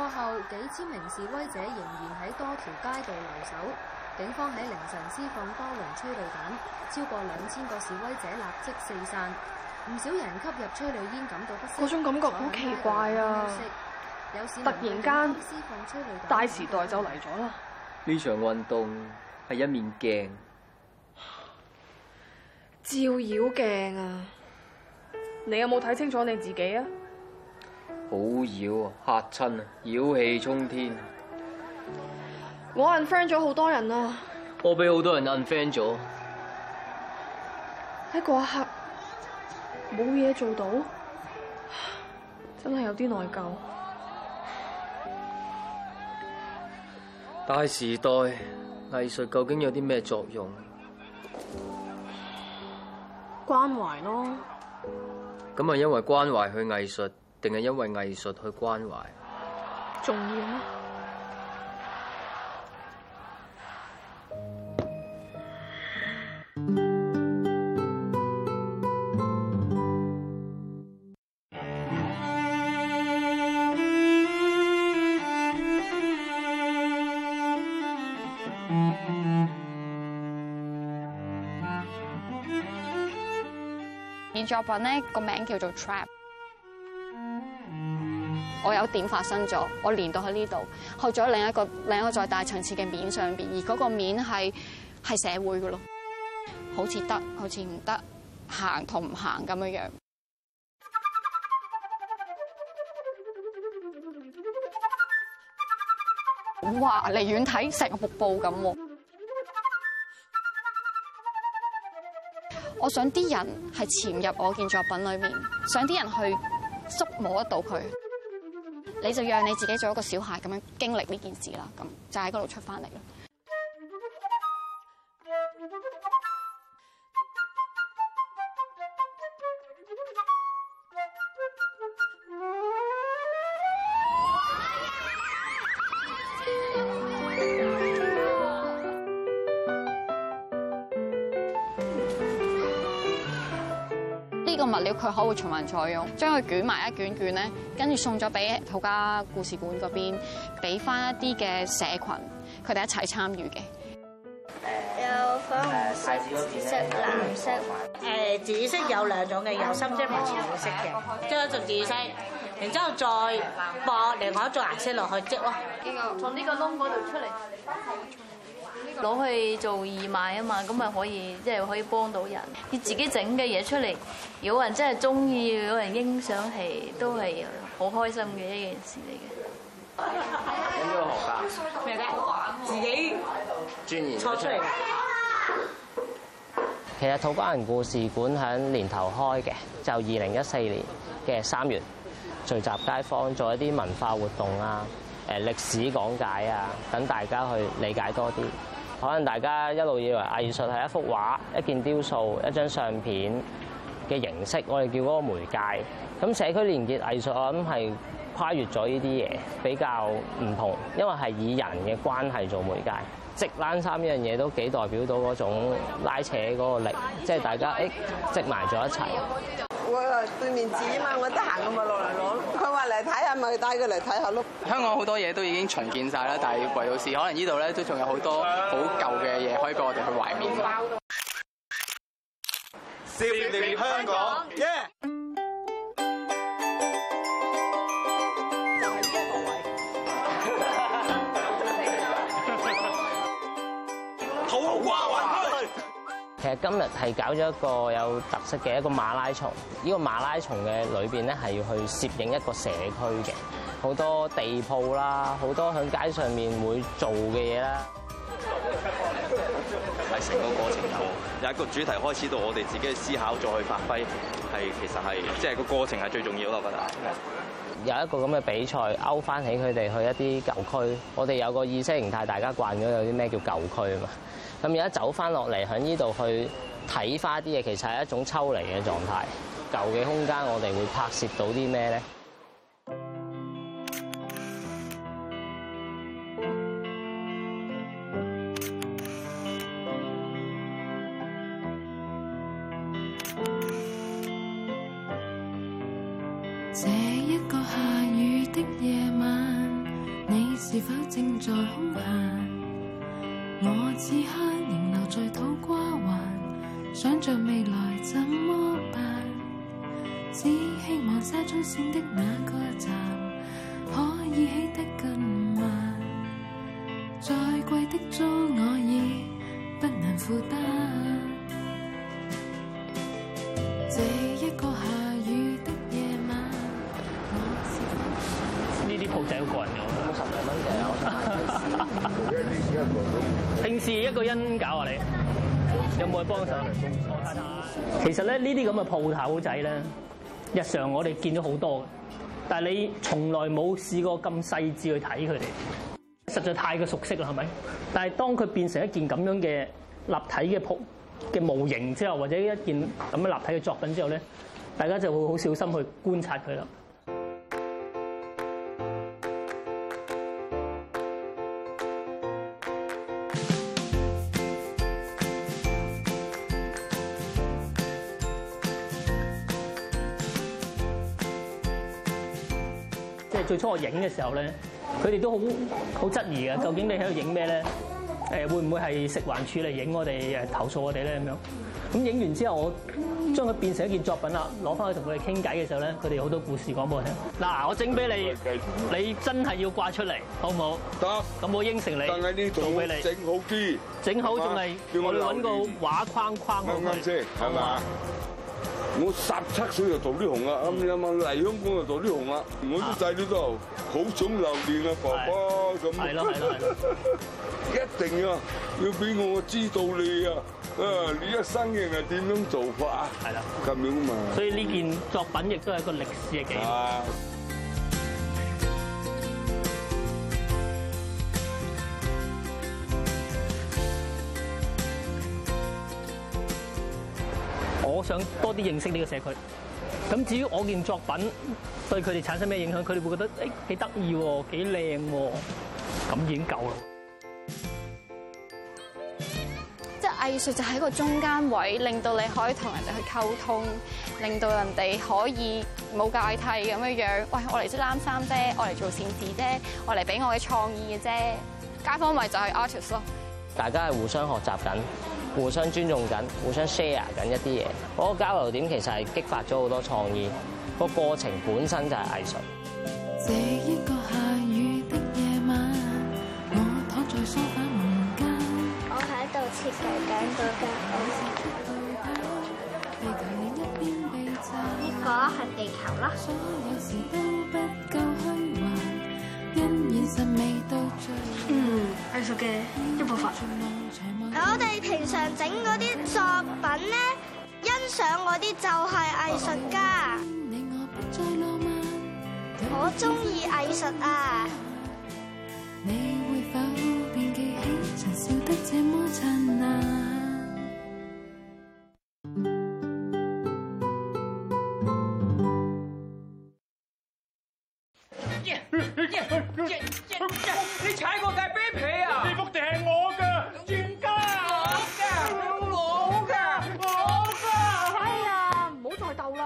過後，幾千名示威者仍然喺多條街道留守。警方喺凌晨施放多輪催淚彈，超過兩千個示威者立即四散，唔少人吸入催淚煙感到不適。嗰種感覺好奇怪啊！突然間，大時代就嚟咗啦！呢場運動係一面鏡，照妖鏡啊！你有冇睇清楚你自己啊？好妖啊嚇親啊！妖氣沖天。我 unfriend 咗好多人啊。我俾好多人 unfriend 咗。喺一刻，冇嘢做到，真係有啲內疚。大時代藝術究竟有啲咩作用？關懷咯。咁啊，因為關懷去藝術。定係因為藝術去關懷重要咩？你作品呢個名叫做 Trap。我有點發生咗，我連到喺呢度，去咗另一個另一個再大層次嘅面上邊，而嗰個面係係社會嘅囉，好似得，好似唔得，行同唔行咁樣樣。哇！離遠睇成個瀑布咁喎。我想啲人係潛入我件作品裏面，想啲人去觸摸得到佢。你就讓你自己做一個小孩咁樣經歷呢件事啦，咁就喺嗰度出翻嚟啦。料佢可能會循環再用，將佢捲埋一卷卷咧，跟住送咗俾土家故事館嗰邊，俾翻一啲嘅社群，佢哋一齊參與嘅。有粉紅色、紫色、藍色。誒紫色有兩種嘅，有深色同淺色嘅，將一隻紫色，然之後再放另外一隻顏色落去織咯。從呢個窿嗰度出嚟。攞去做義賣啊嘛，咁咪可以即係、就是、可以幫到人。你自己整嘅嘢出嚟，有人真係中意，有人欣賞，係都係好開心嘅一件事嚟嘅。有咩學㗎？咩好玩？自己喺度鑽研出嚟。其實土瓜灣故事館響年頭開嘅，就二零一四年嘅三月聚集街坊做一啲文化活動啊，誒歷史講解啊，等大家去理解多啲。可能大家一路以為藝術係一幅畫、一件雕塑、一張相片嘅形式，我哋叫嗰個媒介。咁社區連結藝術，我諗係跨越咗呢啲嘢，比較唔同，因為係以人嘅關係做媒介。織冷衫呢樣嘢都幾代表到嗰種拉扯嗰個力，即係大家誒織埋咗一齊。我對面住啊嘛，我得閒我咪落嚟攞咯。佢話嚟睇下，咪帶佢嚟睇下咯。香港好多嘢都已經重建晒啦，但係維護師可能呢度咧都仲有好多好舊嘅嘢可以俾我哋去懷緬。燒遍、嗯嗯嗯嗯嗯、香港，耶、yeah.！其實今日係搞咗一個有特色嘅一個馬拉松，呢個馬拉松嘅裏邊咧係要去攝影一個社區嘅，好多地鋪啦，好多響街上面會做嘅嘢啦。係成個過程度，有一個主題開始到我哋自己嘅思考再去發揮，係其實係即係個過程係最重要咯，我覺得。有一個咁嘅比賽勾翻起佢哋去一啲舊區，我哋有個意識形態，大家慣咗有啲咩叫舊區啊嘛。咁而家走翻落嚟，喺呢度去睇翻啲嘢，其實係一種抽離嘅狀態。舊嘅空間，我哋會拍攝到啲咩咧？這一個下雨的夜晚，你是否正在空閒？我此刻仍留在土瓜灣，想着未來怎麼辦？只希望沙中線的那個站可以起得更慢。再貴的租我已不能負擔。這一個下雨的夜晚，呢啲鋪仔好貴一個人搞啊你，有冇去幫手？其實咧，呢啲咁嘅鋪頭仔咧，日常我哋見咗好多嘅，但係你從來冇試過咁細緻去睇佢哋，實在太過熟悉啦，係咪？但係當佢變成一件咁樣嘅立體嘅鋪嘅模型之後，或者一件咁樣嘅立體嘅作品之後咧，大家就會好小心去觀察佢啦。即係最初我影嘅時候咧，佢哋都好好質疑嘅，究竟你喺度影咩咧？誒，會唔會係食環署嚟影我哋誒投訴我哋咧咁樣？咁影完之後，我將佢變成一件作品啦，攞翻去同佢哋傾偈嘅時候咧，佢哋好多故事講俾我聽。嗱，我整俾你，你真係要掛出嚟，好唔好？得行。咁我應承你。但係呢度俾你。整好啲。整好仲係？叫我哋揾個畫框框好唔好？先？好啊。我十七歲就做啲紅啊，啱啱啱啊？嚟香港就做啲紅啊，我都細啲都好想留念啊，爸爸咁，係咯係咯 一定啊，要俾我知道你啊，你一生人係點樣做法啊？係啦的，咁樣嘛。所以呢件作品亦都係一個歷史嘅記憶。想多啲認識呢個社區，咁至於我件作品對佢哋產生咩影響，佢哋會覺得誒，幾得意喎，幾靚喎，咁已經夠啦。即係藝術就喺個中間位，令到你可以同人哋去溝通，令到人哋可以冇界替咁樣樣。喂，我嚟織冷衫啫，我嚟做善事啫，我嚟俾我嘅創意嘅啫。街坊咪就係 artist 咯，大家係互相學習緊。互相尊重緊，互相 share 緊一啲嘢，嗰、嗰個交流點其實係激發咗好多創意，嗰個過程本身就係藝術。我喺度設計緊嗰間房。呢 個係地球啦。嗯，藝術嘅一部分。我哋平常整嗰啲作品咧，欣賞嗰啲就係藝術家。我中意藝術啊！你踩過架啤皮啊？呢幅定我嘅專家，我嘅我嘅我嘅，哎呀，唔好再鬥啦！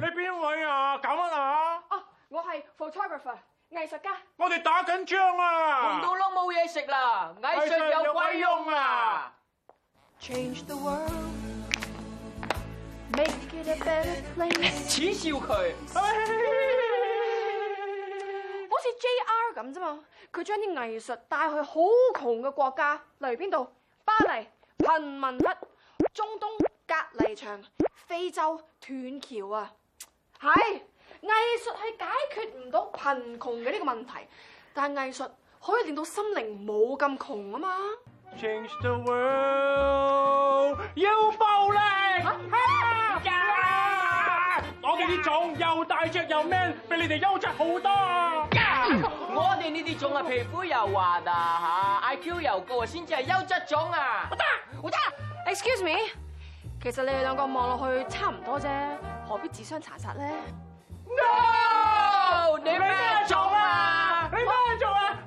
你邊位啊？搞乜啊？啊，我係 photographer，藝術家。我哋打緊仗啊！窮到窿冇嘢食啦，藝術有鬼用啊！Change the world！Make it a better place！恥笑佢。Hey, 咁啫嘛，佢將啲藝術帶去好窮嘅國家，例如邊度巴黎、貧民窟、中東、隔離牆、非洲斷橋啊，係藝術係解決唔到貧窮嘅呢個問題，但係藝術可以令到心靈冇咁窮啊嘛。Change the world，要暴力！我哋呢種又大隻又 man，畀你哋優質好多啊！我哋呢啲種啊，皮膚又滑啊，吓，I Q 又高啊，先至係優質種啊。得，得，Excuse me，其實你哋兩個望落去差唔多啫，何必自相殘殺咧？No，你咩種啊？你幫我做啊？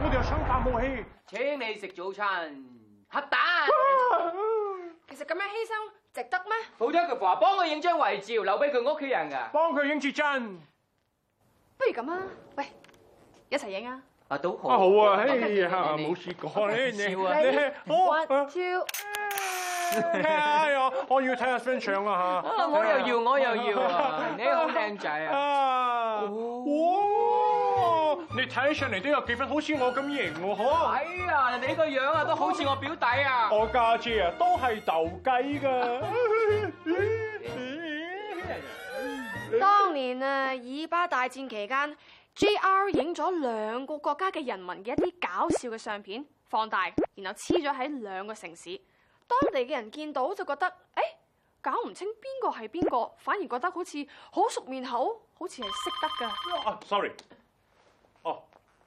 我哋又生化武器，請你食早餐，核彈。其實咁樣犧牲。值得咩？好聽句話，幫佢影張遺照留俾佢屋企人噶，幫佢影住真。不如咁啦，喂，一齊影啊！啊都好好啊，哎呀，冇試過呢啲嘢，我，我，我，我要睇阿 friend 唱啊！啊，我又要，我又要啊！你個靚仔啊！你睇上嚟都有幾分好似我咁型喎，嗬？哎呀，你個樣啊，都好似我表弟我姐姐啊！我家姐啊，都係鬥雞噶。當年啊，以巴大戰期間，JR 影咗兩個國家嘅人民嘅一啲搞笑嘅相片，放大然後黐咗喺兩個城市，當地嘅人見到就覺得誒、欸、搞唔清邊個係邊個，反而覺得好似好熟面口，好似係識得噶、啊。啊，sorry。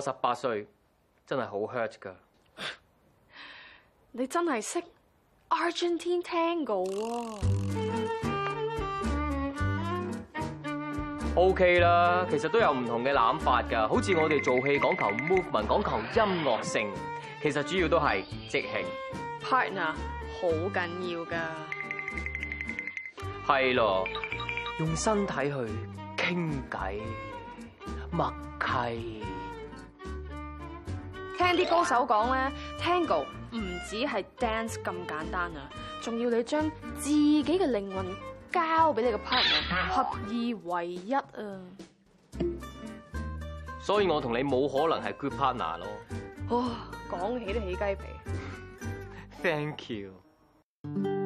我十八歲真係好 hurt 噶，你真係識 Argentine Tango 啊？OK 啦，其實都有唔同嘅諗法噶，好似我哋做戲講求 movement，講求音樂性，其實主要都係即興 partner 好緊要噶，係咯，用身體去傾偈默契。聽啲高手講咧，Tango 唔止係 dance 咁簡單啊，仲要你將自己嘅靈魂交俾你嘅 partner，合二為一啊！所以我同你冇可能係 good partner 咯。哦，講起都起雞皮。Thank you。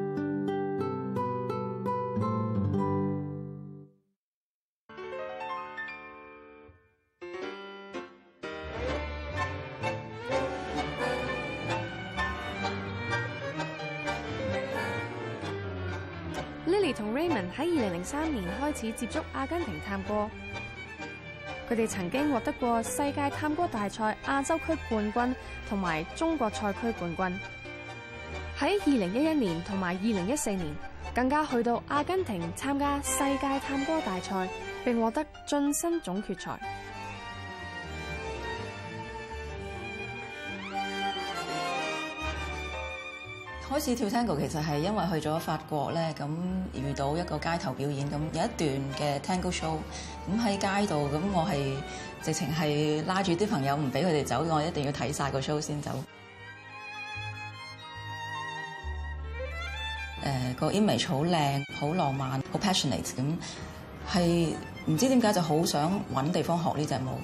同 Raymond 喺二零零三年開始接觸阿根廷探戈，佢哋曾經獲得過世界探戈大賽亞洲區冠軍同埋中國賽區冠軍。喺二零一一年同埋二零一四年，更加去到阿根廷參加世界探戈大賽，並獲得晉身總決賽。開始跳 tango 其實係因為去咗法國咧，咁遇到一個街頭表演，咁有一段嘅 tango show，咁喺街度，咁我係直情係拉住啲朋友唔俾佢哋走，我一定要睇晒個 show 先走。誒， 呃那個 image 好靚，好浪漫，好 passionate，咁係唔知點解就好想搵地方學呢隻舞。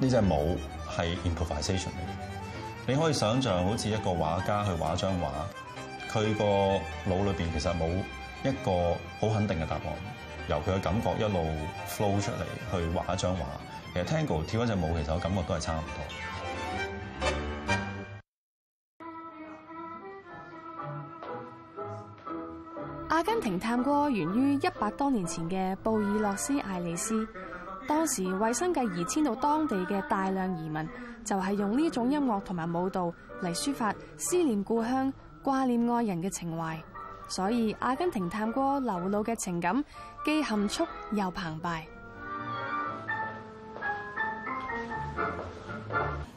呢隻舞係 improvisation 嚟嘅，你可以想象好似一個畫家去畫一張畫，佢個腦裏面其實冇一個好肯定嘅答案，由佢嘅感覺一路 flow 出嚟去畫一張畫。其實 Tango 跳一隻舞其實我感覺都係差唔多。阿根廷探戈源於一百多年前嘅布爾諾斯艾利斯。當時為生計而遷到當地嘅大量移民，就係用呢種音樂同埋舞蹈嚟抒發思念故鄉、掛念愛人嘅情懷，所以阿根廷探戈流露嘅情感，既含蓄又澎湃。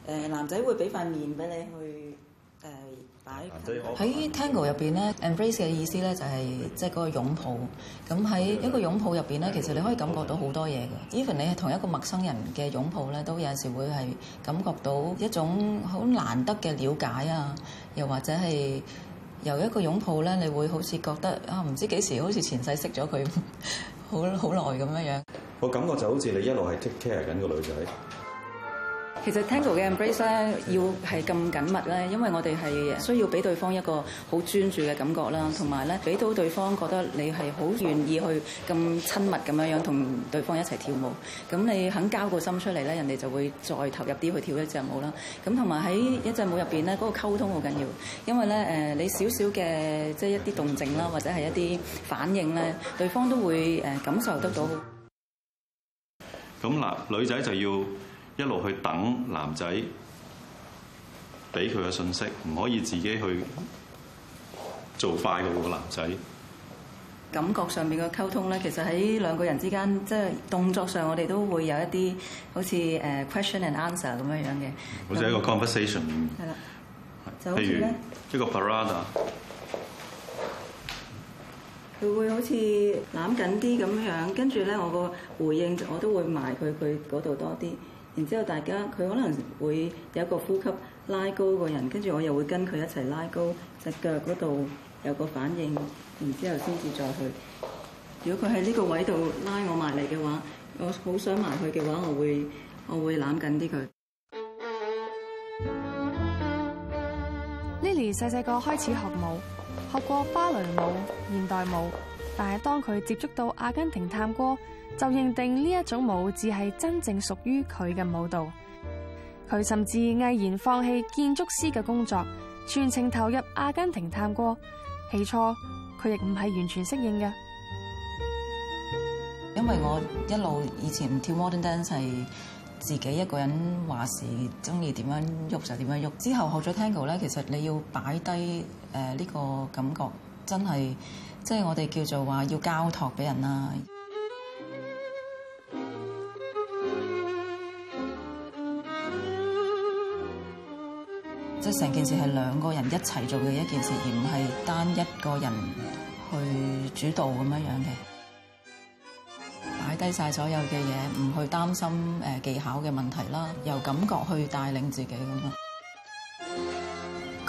誒，男仔會俾塊面俾你去。喺 Tango 入邊咧，embrace 嘅意思咧就係即係嗰個擁抱。咁喺一個擁抱入邊咧，其實你可以感覺到好多嘢嘅。Even 你係同一個陌生人嘅擁抱咧，都有時會係感覺到一種好難得嘅了解啊。又或者係由一個擁抱咧，你會好似覺得啊，唔知幾時好似前世識咗佢，好好耐咁樣樣。我感覺就好似你一路係 take care 緊個女仔。其實 Tango 嘅 embrace 咧，要係咁緊密咧，因為我哋係需要俾對方一個好專注嘅感覺啦，同埋咧，俾到對方覺得你係好願意去咁親密咁樣樣同對方一齊跳舞。咁你肯交個心出嚟咧，人哋就會再投入啲去跳一隻舞啦。咁同埋喺一隻舞入邊咧，嗰個溝通好緊要，因為咧誒，你少少嘅即係一啲動靜啦，或者係一啲反應咧，對方都會誒感受得到。咁嗱，女仔就要一路去等男仔俾佢嘅信息，唔可以自己去做快過個男仔。感覺上面嘅溝通咧，其實喺兩個人之間，即係動作上，我哋都會有一啲好似誒 question and answer 咁樣樣嘅，好似一個 conversation 那。係啦，就好譬如咧一個 parada，佢會好似攬緊啲咁樣樣，跟住咧我個回應我都會埋佢佢度多啲。然之後，大家佢可能會有一個呼吸拉高個人，跟住我又會跟佢一齊拉高隻腳嗰度有個反應，然之後先至再去。如果佢喺呢個位度拉我埋嚟嘅話，我好想埋去嘅話，我會我會攬緊啲佢。Lily 細細個開始學舞，學過芭蕾舞、現代舞。但係，當佢接觸到阿根廷探戈，就認定呢一種舞只係真正屬於佢嘅舞蹈。佢甚至毅然放棄建築師嘅工作，全程投入阿根廷探戈。起初，佢亦唔係完全適應嘅，因為我一路以前跳 modern dance 係自己一個人話事，中意點樣喐就點樣喐。之後學咗 tango 咧，其實你要擺低誒呢個感覺，真係。即係我哋叫做話要交託俾人啦，即成件事係兩個人一齊做嘅一件事，而唔係單一個人去主導咁樣嘅。擺低晒所有嘅嘢，唔去擔心技巧嘅問題啦，由感覺去帶領自己咁。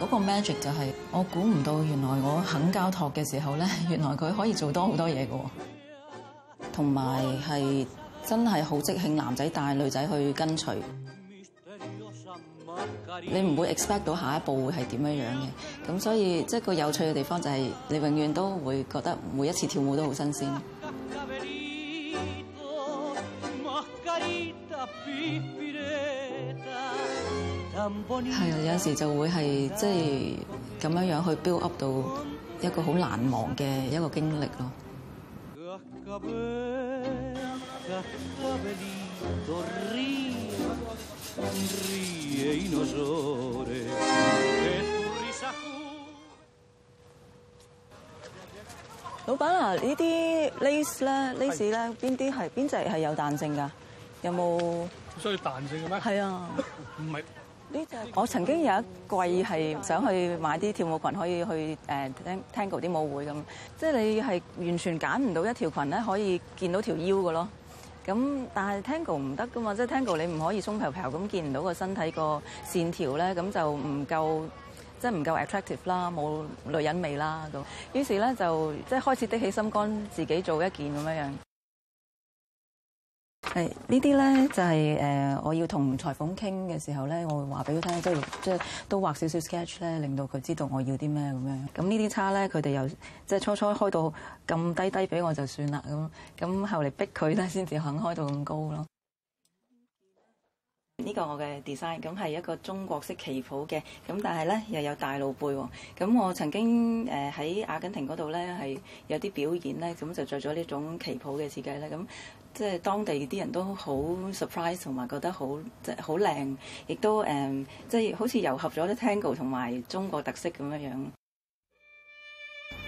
嗰個 magic 就係我估唔到，原來我肯交託嘅時候咧，原來佢可以做多好多嘢嘅，同埋係真係好即興，男仔帶女仔去跟隨，你唔會 expect 到下一步會係點樣樣嘅，咁所以即係個有趣嘅地方就係你永遠都會覺得每一次跳舞都好新鮮。係啊，有時就會係即係咁樣樣去 build up 到一個好難忘嘅一個經歷咯。老闆啊，這些呢啲 lace 咧，lace 咧，邊啲係邊隻係有彈性噶？有冇需要彈性嘅咩？係啊，唔係 我曾經有一季係想去買啲跳舞裙，可以去誒 tango 啲舞會咁，即係你係完全揀唔到一條裙咧可以見到條腰嘅咯。咁但係 tango 唔得噶嘛，即係 tango 你唔可以鬆皮皮咁，見唔到個身體個線條咧，咁就唔夠即係唔夠 attractive 啦，冇女人味啦咁。於是咧就即係開始的起心肝，自己做一件咁樣樣。係呢啲咧，就係、是、誒、呃，我要同裁縫傾嘅時候咧，我會話俾佢聽，即係即係都畫少少 sketch 咧，令到佢知道我要啲咩咁樣。咁呢啲叉咧，佢哋又即係初初開到咁低低俾我就算啦。咁咁後嚟逼佢咧，先至肯開到咁高咯。呢個我嘅 design，咁係一個中國式旗袍嘅，咁但係咧又有大露背喎。咁我曾經誒喺阿根廷嗰度咧係有啲表演咧，咁就著咗呢種旗袍嘅設計咧，咁即係當地啲人都好 surprise，同埋覺得、嗯、好即係好靚，亦都誒即係好似糅合咗啲 tango 同埋中國特色咁樣樣。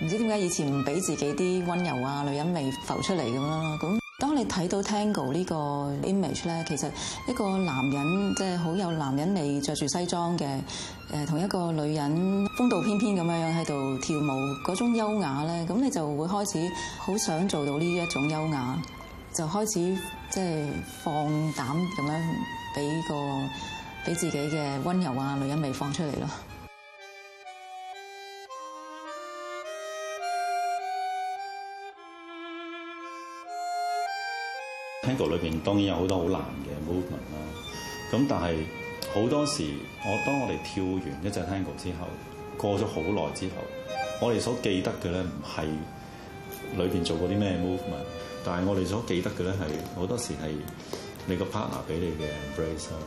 唔知點解以前唔俾自己啲溫柔啊女人味浮出嚟咁樣咯。咁當你睇到 Tango 呢個 image 咧，其實一個男人即係好有男人味，着住西裝嘅，誒，同一個女人風度翩翩咁樣樣喺度跳舞，嗰種優雅咧，咁你就會開始好想做到呢一種優雅，就開始即係放膽咁樣俾個俾自己嘅溫柔啊，女人味放出嚟咯。Tango 裏邊當然有好多好難嘅 movement 啦，咁但係好多時，我當我哋跳完一隻 Tango 之後，過咗好耐之後，我哋所記得嘅咧，唔係裏邊做過啲咩 movement，但係我哋所記得嘅咧，係好多時係你個 partner 俾你嘅 embrace 啦，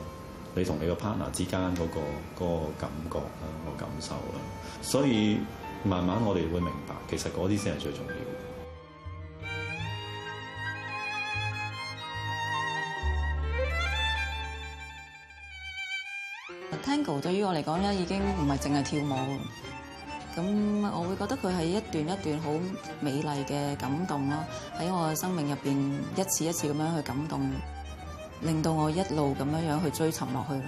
你同你個 partner 之間嗰、嗰個嗰個感覺啦、嗰個感受啦，所以慢慢我哋會明白，其實嗰啲先係最重要。對於我嚟講咧，已經唔係淨係跳舞了，咁我會覺得佢係一段一段好美麗嘅感動咯，喺我嘅生命入邊一次一次咁樣去感動，令到我一路咁樣樣去追尋落去咯。